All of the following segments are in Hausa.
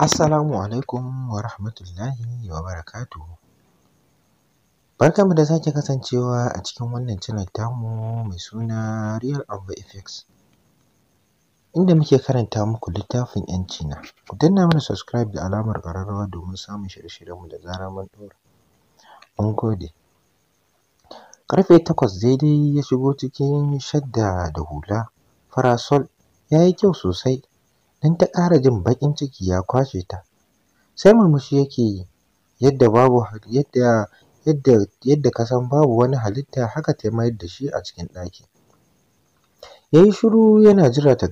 Assalamu alaikum wa rahmatullahi wa barakatuh. Barkanmu da sake kasancewa a cikin wannan channel tamu mai suna Real Abba FX. Inda muke karanta muku littafin ‘yanci na. Ku danna mana subscribe da alamar ƙararrawa domin samun shirye-shiryenmu da zarar mun ɗora. Mun gode. Karfe takwas daidai ya shigo cikin shadda da hula, farasol, ya yi kyau sosai. don ta ƙara jin baƙin ciki ya kwashe ta sai murmushi yake yi yadda babu yadda yadda yadda ka san babu wani halitta haka ta mayar da shi a cikin ɗaki ya yi shiru yana jira ta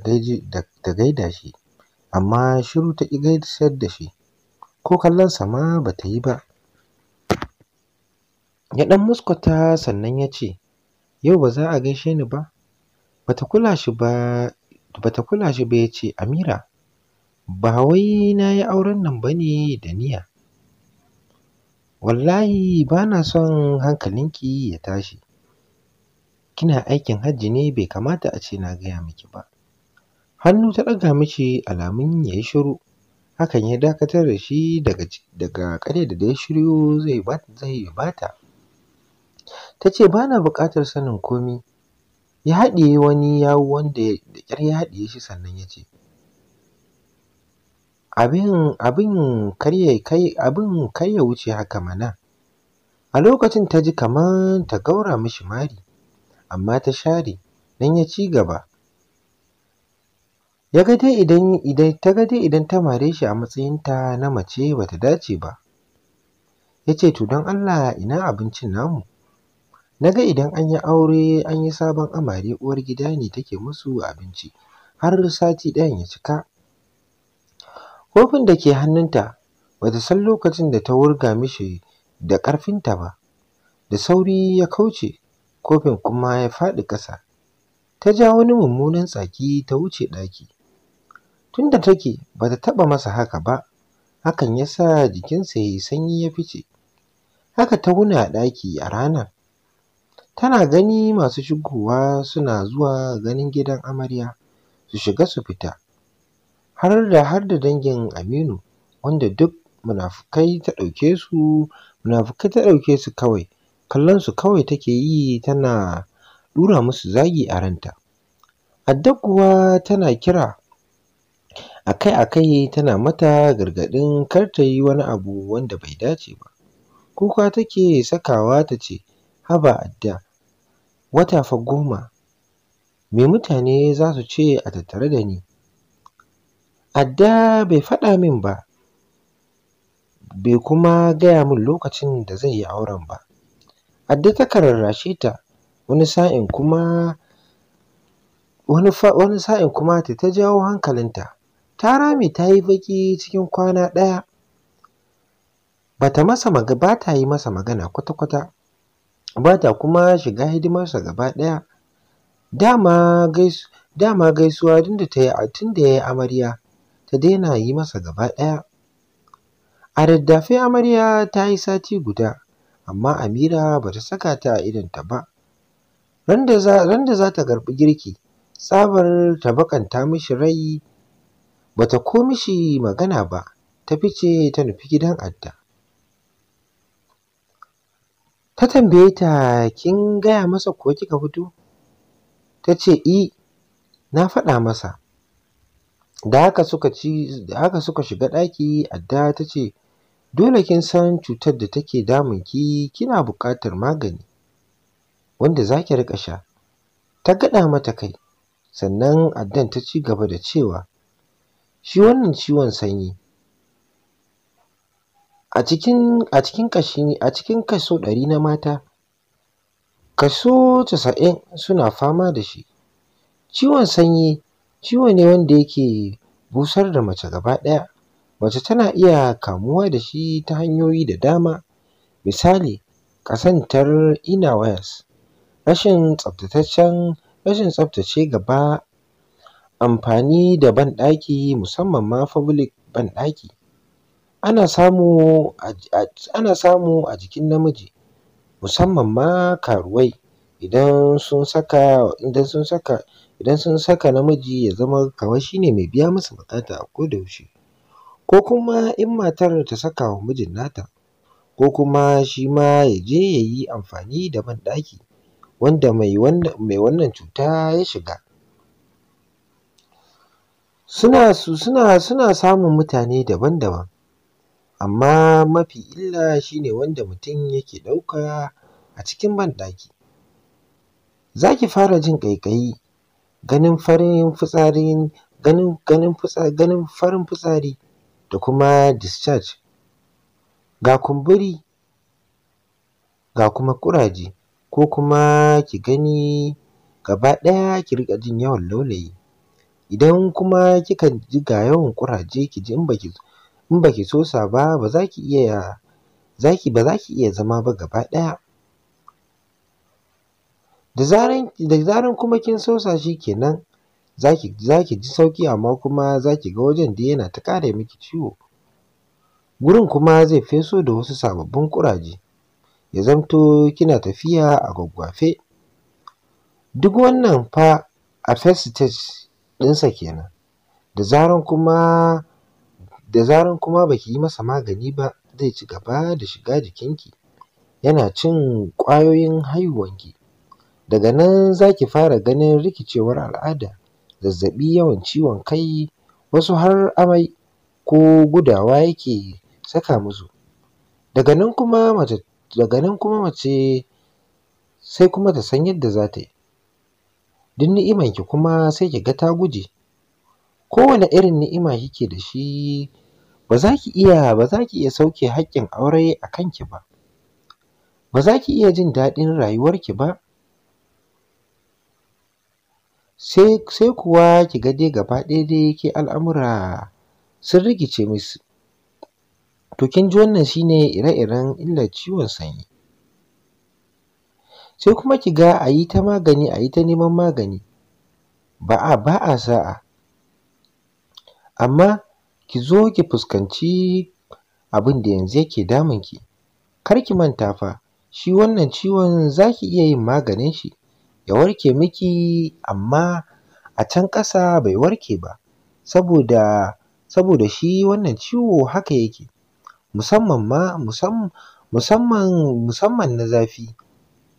gaida shi amma shiru ta ƙi gaisar da shi ko sa ma ba ta yi ba ya ɗan muskwata sannan ya ce yau ba za a gaishe ni ba bata kula shi ba bata kula shi ba ya ce amira ba wai na yi auren nan ba ne da niyya wallahi ba na son hankalinki ya tashi kina aikin hajji ne bai kamata a ce na gaya miki ba hannu ta ɗaga mishi alamun ya yi shiru hakan ya dakatar da shi daga karya da ya shiryo zai bata ta ce ba na buƙatar sanin komi ya haɗiye wani yawu wanda da ƙyar ya haɗiye shi sannan ya ce abin abin karya wuce haka mana a lokacin ta ji kamar ta gaura mishi mari amma ta share don ya ci gaba ya ga dai idan idan ta ga dai idan ta mare shi a matsayinta na mace bata dace ba ya ce to don Allah ina abincin namu Na ga idan an yi aure an yi sabon amare uwar gida ne take musu abinci har sati ɗayan ya cika. Kofin da ke hannunta ba ta san lokacin da ta wurga mishi da ƙarfinta ba, da sauri ya kauce kofin kuma ya faɗi ƙasa. Ta ja wani mummunan tsaki ta wuce ɗaki. Tunda take ba ta taɓa masa haka ba, hakan ya sa jikinsa ya yi sanyi ya fice. Haka ta wuni a ɗaki a ranar. Tana gani masu shigowa suna zuwa ganin gidan amarya su shiga su fita, har da har da dangin Aminu wanda duk munafukai ta ɗauke su munafukai ta ɗauke su kawai kallon su kawai take yi tana ɗura musu zagi a ranta. Adda kuwa tana kira A kai-a kai tana mata gargaɗin kar ta yi wani abu wanda bai dace ba. Kuka take sakawa ta ce, haba Adda wata fa goma me mutane za su ce a tattare da ni adda bai faɗa min ba bai kuma gaya min lokacin da zai yi auren ba adda ta kararrashe ta wani sa'in kuma wani sa'in kuma ta ta jawo hankalinta ta rame ta yi baƙi cikin kwana ɗaya ba ta yi masa magana kwata-kwata ba ta kuma shiga hidimarsa gaba ɗaya. Dama gaisuwa tun ta yi tun da ya yi amarya ta daina yi masa gaba ɗaya. A daddafe amarya ta yi sati guda amma Amira ba ta saka ta a idanta ba. Ran da za ta karɓi girki tsabar ta bakanta mishi rai bata ko mishi magana ba ta fice ta nufi gidan adda. ta tambaye ta kin gaya masa ko kika fito ta ce i e, na faɗa masa da haka suka ci da haka suka shiga ɗaki adda ta ce dole kin san cutar da take damun ki kina buƙatar magani wanda za ki riƙa sha ta gaɗa mata kai sannan addan ta ci gaba da cewa shi wannan ciwon sanyi a cikin kashi a cikin kaso ɗari na mata kaso casa'in suna fama da shi ciwon sanyi ciwo ne wanda yake busar da mace gaba ɗaya mace tana iya kamuwa da shi ta hanyoyi da dama misali ƙazantar inawayas rashin tsaftataccen rashin tsaftace gaba amfani da banɗaki musamman ma public banɗaki ana samu a jikin namiji musamman ma karuwai idan sun saka idan sun saka idan sun saka namiji ya zama kamar shi ne mai biya musu buƙata a ko yaushe ko kuma in matar ta saka wa mijin nata ko kuma shi ma ya je ya yi amfani da banɗaki wanda mai wannan cuta ya shiga suna samun mutane daban-daban amma mafi illa shi ne wanda mutum yake ɗauka a cikin banɗaki. Za ki fara jin ƙaiƙayi, ganin farin fitsari, ganin, ganin, ganin farin fitsari da kuma discharge. Ga kumburi, ga kuma ƙuraje ko kuma ki gani gaba ɗaya ki riƙa jin yawan laulayi. Idan kuma kika ji ga yawan ƙuraje ki ji in ki in baki sa ba ba za ki iya zaki ba za ki iya zama ba gaba ɗaya da zaran kuma kin sosa shi kenan zaki zaki ji sauki amma kuma zaki ga wajen da yana ta ƙara miki ciwo gurin kuma zai feso da wasu sababbin kuraje ya zamto kina tafiya a gwaggwafe duk wannan fa a first stage ɗinsa kenan da zaran kuma da zaran kuma baki yi masa magani ba zai ci gaba da shiga jikinki yana cin ƙwayoyin haihuwanki daga nan za ki fara ganin rikicewar al'ada zazzaɓi yawan ciwon kai wasu har amai ko gudawa yake saka musu daga nan kuma mace daga nan kuma mace sai kuma ta san yadda za ta yi duk ni'imanki kuma sai ki ga ta guje kowane irin ni'ima kike da shi ba za ki iya ba za ki iya sauke haƙƙin aure a kanki ba ba za ki iya jin daɗin rayuwarki ba sai kuwa ki ga dai gaba ɗaya dai ke al'amura sun rikice musu to kin ji wannan shine ire-iren illar ciwon sanyi sai kuma ki ga a yi ta magani a yi ta neman magani ba a ba a sa'a amma ki zo ki fuskanci abin da yanzu yake damun ki. Kar ki manta fa shi wannan ciwon za ki iya yin maganin shi ya warke miki amma a can ƙasa bai warke ba saboda saboda shi wannan ciwo haka yake musamman ma musamman musamman na zafi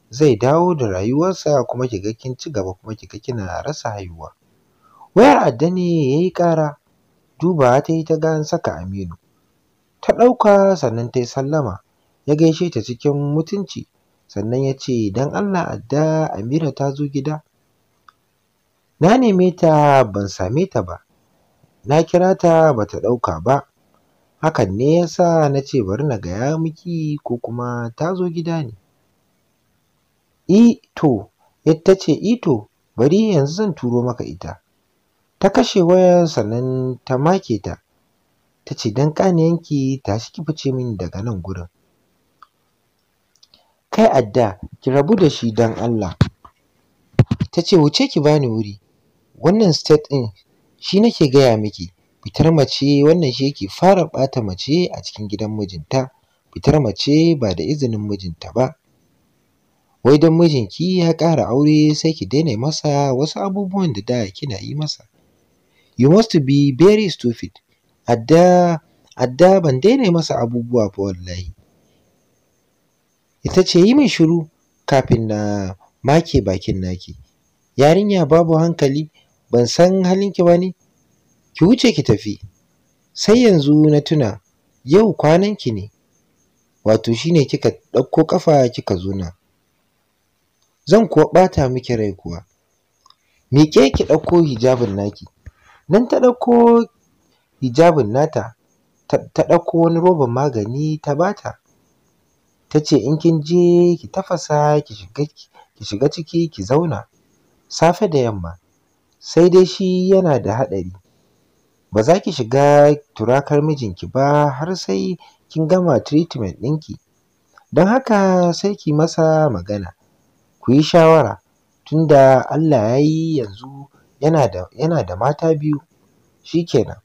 zai dawo da rayuwarsa kuma ki ga kin ci gaba kuma ki ga kina rasa haihuwa. Wayar Adda ne ya yi ƙara duba ta yi ta ga saka Aminu. Ta ɗauka sannan ta yi sallama, ya gaishe ta cikin mutunci, sannan ya ce, Don Allah adda Amira ta zo gida. Na neme ta ban same ta ba, na kira ta ba ta ɗauka ba, hakan ne ya sa na ce bari na gaya miki ko kuma ta zo gida ne. Ito yadda ta ce, Ito bari yanzu zan turo maka ita. ta kashe wayar sannan ta make ta ta ce don ƙaniyanki ta shi ki fice mini daga nan gurin kai adda ki rabu da shi don Allah ta ce wuce ki bani wuri wannan state ɗin shi nake gaya miki fitar mace wannan shi yake fara ɓata mace a cikin gidan mijinta fitar mace ba da izinin mijinta ba wai don mijinki ya ƙara aure sai ki daina masa wasu abubuwan da da kina yi masa You must be very stupid. Adda, adda ban daina masa abubuwa ba wallahi. Ita ce yi min shiru kafin na make bakin naki. Yarinya babu hankali, ban san halinki ba ne? Ki wuce ki tafi. Sai yanzu na tuna, yau kwanan ki ne. Wato shine kika ɗauko ƙafa kika zo na Zan kuwa ɓata miki rai kuwa. Miƙe ki ɗauko hijabin naki. Nan ta ɗauko hijabin nata, ta ɗauko wani roban magani ta bata. Ta ce in kin je ki tafasa ki shiga ciki ki zauna safe da yamma. Sai dai shi yana da haɗari. Ba za ki shiga turakar mijinki ba har sai kin gama treatment ɗinki. Don haka sai ki masa magana, ku yi shawara tunda Allah ya yi yanzu yana da mata biyu Shi kenan.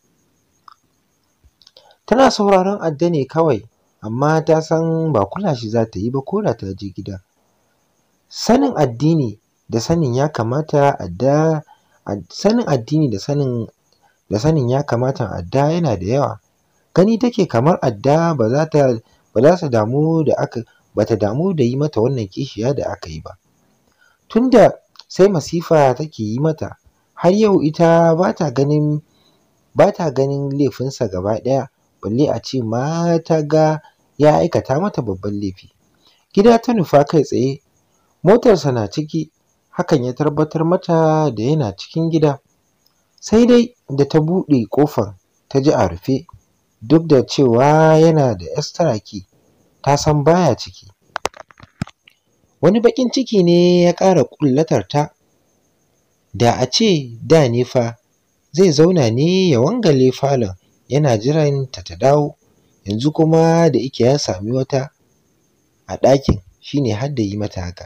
tana sauraron adda ne kawai amma ta san ba kula shi za ta yi ba ko da ta je gida sanin addini da sanin ya kamata adda sanin addini da sanin da ya kamata adda yana da yawa gani take kamar adda ba za ta ba za su damu da aka ba ta damu da yi mata wannan kishiya da aka yi ba tunda sai masifa take yi mata har yau ita ba ta ganin ba ta ganin laifinsa gaba ɗaya balle a ce ma ta ga ya aikata mata babban laifi gida ta nufa kai tsaye motarsa na ciki hakan ya tabbatar mata da yana cikin gida sai dai da ta buɗe ƙofar ta ji a rufe duk da cewa yana da key ta san baya ciki wani baƙin ciki ne ya ƙara ƙullatar ta Da a ce da ne fa zai zauna ne ya wangale falon yana jiran ta ta dawo, yanzu kuma da ike ya sami wata a ɗakin shi ne har da yi mata haka.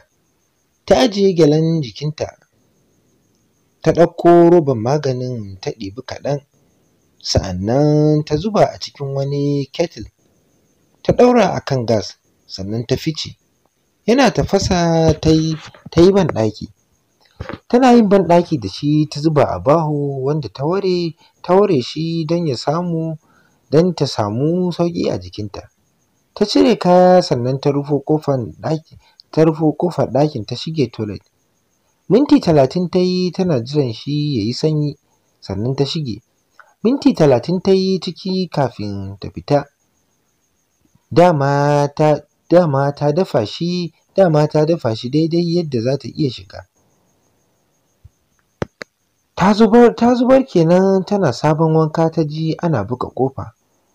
Ta ajiye gyalen jikinta, ta ɗauko roban maganin ta ɗibi kaɗan, sa'annan ta zuba a cikin wani kettle, ta ɗaura a kan gas, sannan ta fice. Yana tafasa ta yi ban ɗaki. tana yin banɗaki da shi ta zuba a baho wanda ta ware ta ware shi don ya samu don ta samu sauƙi a jikinta ta cire kaya sannan ta rufo ƙofar ɗaki ta rufo ƙofar ɗakin ta shige toilet minti talatin ta yi tana jiran shi ya yi sanyi sannan ta shige minti talatin ta yi ciki kafin ta fita dama ta dama ta dafa shi dama ta dafa shi daidai yadda za ta iya shiga ta zubar kenan tana sabon wanka ta ji ana buga ƙofa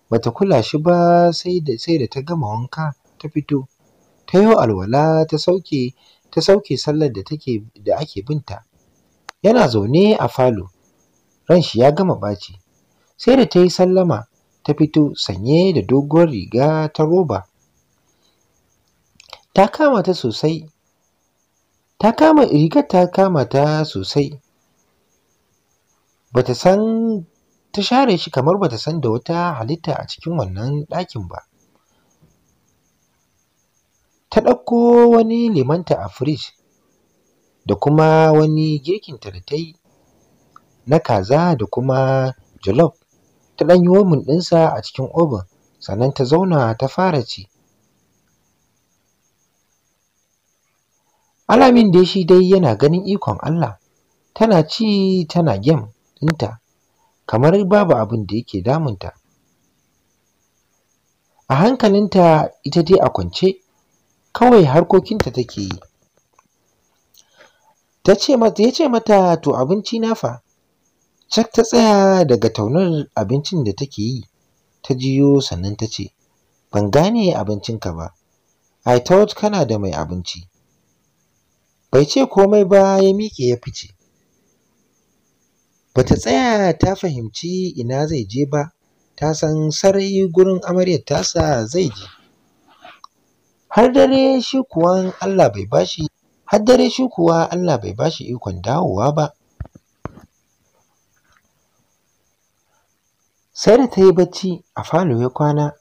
bata kula shi ba sai da ta gama wanka ta fito ta yi alwala ta sauke ta sauke sallar da take da ake binta yana zaune a falo ran shi ya gama ɓaci sai da ta yi sallama ta fito sanye da doguwar riga ta roba ta kama ta sosai ta kama rigar ta kama ta sosai bata san ta share shi kamar bata san da wata halitta a cikin wannan ɗakin ba ta ɗauko wani lemanta a firij da kuma wani girkinta da ta yi na kaza da kuma jollof ta ɗan yi womin ɗinsa a cikin oven sannan ta zauna ta fara ci alamin dai shi dai yana ganin ikon Allah tana ci tana gem ɗinta kamar babu abin da yake damunta a hankalinta ita dai a kwance kawai harkokinta take yi ta ce mata ya ce mata to abinci na fa cak ta tsaya daga taunar abincin da take yi ta jiyo sannan ta ce ban gane abincinka ba i thought kana da mai abinci bai ce komai ba ya miƙe ya fice ba ta tsaya ta fahimci ina zai je ba ta san sarai gurin amaryar tasa zai je har dare shi kuwa Allah bai bashi har dare shi kuwa Allah bai bashi ikon dawowa ba sai da ta yi bacci a falo ya kwana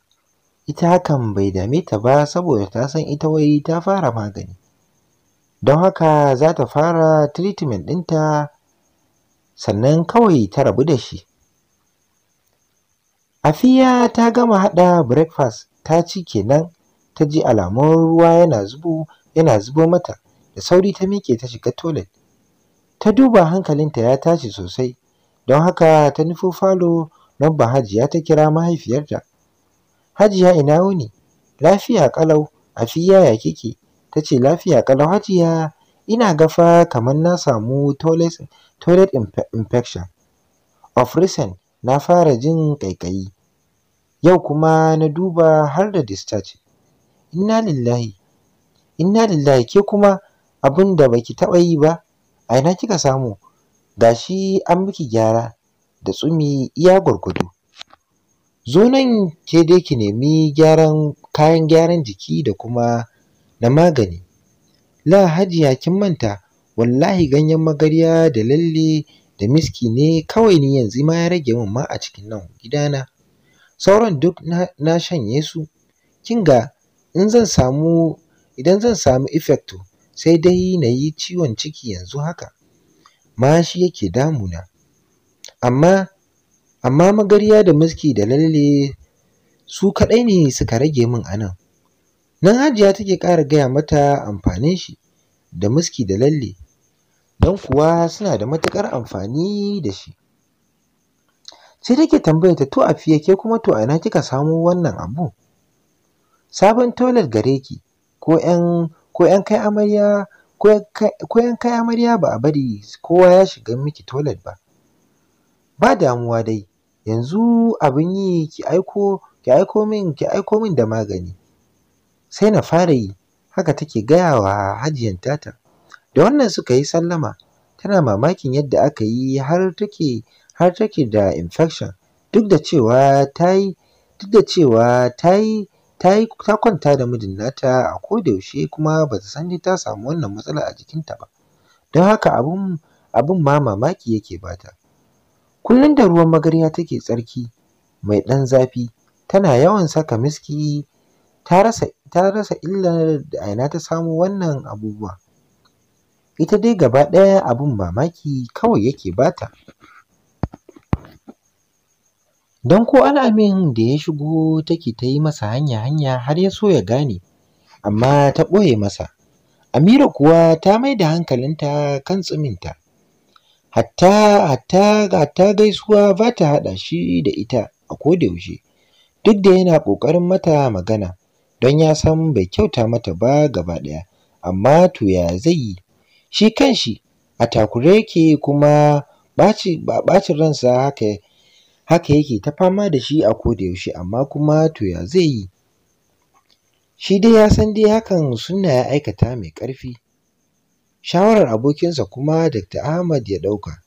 ita hakan bai dame ta ba saboda ta san ita wai ta fara magani don haka za ta fara treatment ɗinta sannan kawai ta rabu da shi afiya ta gama haɗa breakfast ta ci kenan ta ji alamun ruwa yana zubo yana zubo mata da sauri ta miƙe ta shiga toilet ta duba hankalinta ya tashi sosai don haka ta nufi falo don ba hajiya ta kira mahaifiyarta hajiya ina wuni lafiya kalau afiya ya kike ta ce lafiya ƙalau hajiya ina ga fa kamar na samu toilet, toilet infection. Of recent na fara jin ƙaiƙayi. Yau kuma na duba har da discharge. Inna lillahi, inna lillahi ke kuma abin da baki taɓa yi ba, a ina kika samu, gashi an miki gyara da tsumi iya gwargwado. Zo nan ke dai ki nemi gyaran kayan gyaran jiki da kuma na magani. la hajiya kin manta wallahi ganyen magarya da lalle da miski ne kawai ni yanzu ma ya rage min ma a cikin nan gidana sauran duk na, shanye su kin ga in zan samu idan zan samu effecto sai dai na yi ciwon ciki yanzu haka Ma mashi yake damuna amma amma magarya da miski da lalle su kaɗai ne suka rage min a nan Nan Hajiya take ƙara gaya mata amfanin shi da miski da lalle, don kuwa suna da matuƙar amfani da shi. Sai take tambayar ta to fiye ke kuma to ina kika samo wannan abu? Sabon toilet gare ki ko ‘yan ko ‘yan kai amarya ko ‘yan kai amarya ba a bari kowa ya shiga miki toilet ba. Ba damuwa dai yanzu abin yi ki aiko ki aiko min ki aiko min da magani. sai na fara yi haka take gaya wa hajiyan tata da wannan suka yi sallama tana mamakin yadda aka yi har take har take da infection duk da cewa ta yi duk da cewa ta yi ta yi ta kwanta da mijin nata a kodayaushe kuma ba ta san ta samu wannan matsala a jikinta ba don haka abun abun ma mamaki yake bata kullum da ruwan magarya take tsarki mai ɗan zafi tana yawan saka miski ta rasa ta rasa illar da aina ta samo wannan abubuwa ita dai gaba ɗaya abin mamaki kawai yake bata don ko al'amin da ya shigo take ta yi masa hanya-hanya har ya so ya gane amma ta ɓoye masa amira kuwa ta mai da hankalinta kan tsiminta hatta hatta hatta gaisuwa ba ta haɗa shi da ita a yaushe, duk da yana ƙoƙarin mata magana don ya san bai kyauta mata ba gaba ɗaya amma to ya zai yi shi kanshi a takure yake kuma ɓacin ransa haka haka yake ta fama da shi a koda yaushe amma kuma to ya zai yi shi dai ya san dai hakan suna ya aikata mai ƙarfi shawarar abokinsa kuma Dr. Ahmad ya ɗauka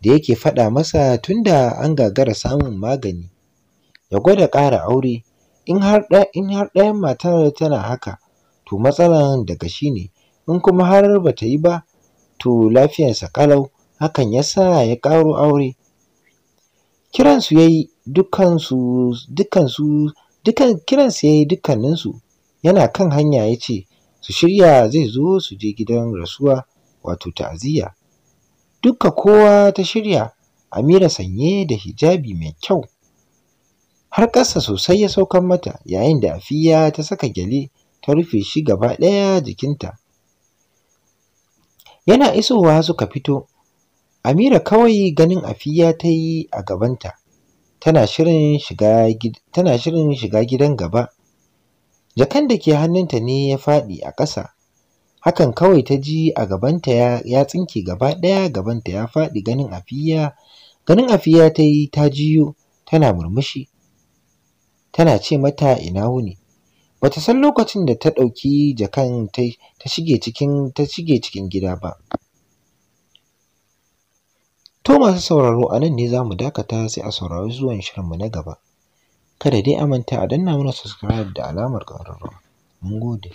da yake faɗa masa tunda an gagara samun magani ya gwada ƙara aure in har ɗayan matar tana haka to matsalan daga shi ne in kuma har ba ta yi ba to lafiyarsa ƙalau hakan ya sa ya ƙaro aure kiransu ya yi dukansu dukan ya yi dukkaninsu yana kan hanya ya ce su shirya zai zo su je gidan rasuwa wato ta'aziyya Duka kowa ta shirya amira sanye da hijabi mai kyau har ƙasa sosai ya saukan mata yayin da afiya ta saka gyale ta rufe shi gaba ɗaya jikinta yana isowa suka fito amira kawai ganin afiya ta yi a gabanta tana shirin shiga gidan gaba jakan da ke hannunta ne ya faɗi a ƙasa hakan kawai ta ji a gabanta ya, ya tsinke gaba ɗaya gabanta ya faɗi ganin afiya ganin afiya ta yi ta jiyo tana murmushi tana ce mata ina wuni. Bata san lokacin da ta ɗauki jakan ta shige cikin ta shige cikin gida ba. To masu sauraro a nan ne za mu dakata sai a saurari zuwan shirinmu na gaba. Kada dai a manta a danna mana subscribe da alamar ƙararrawa. Mun gode.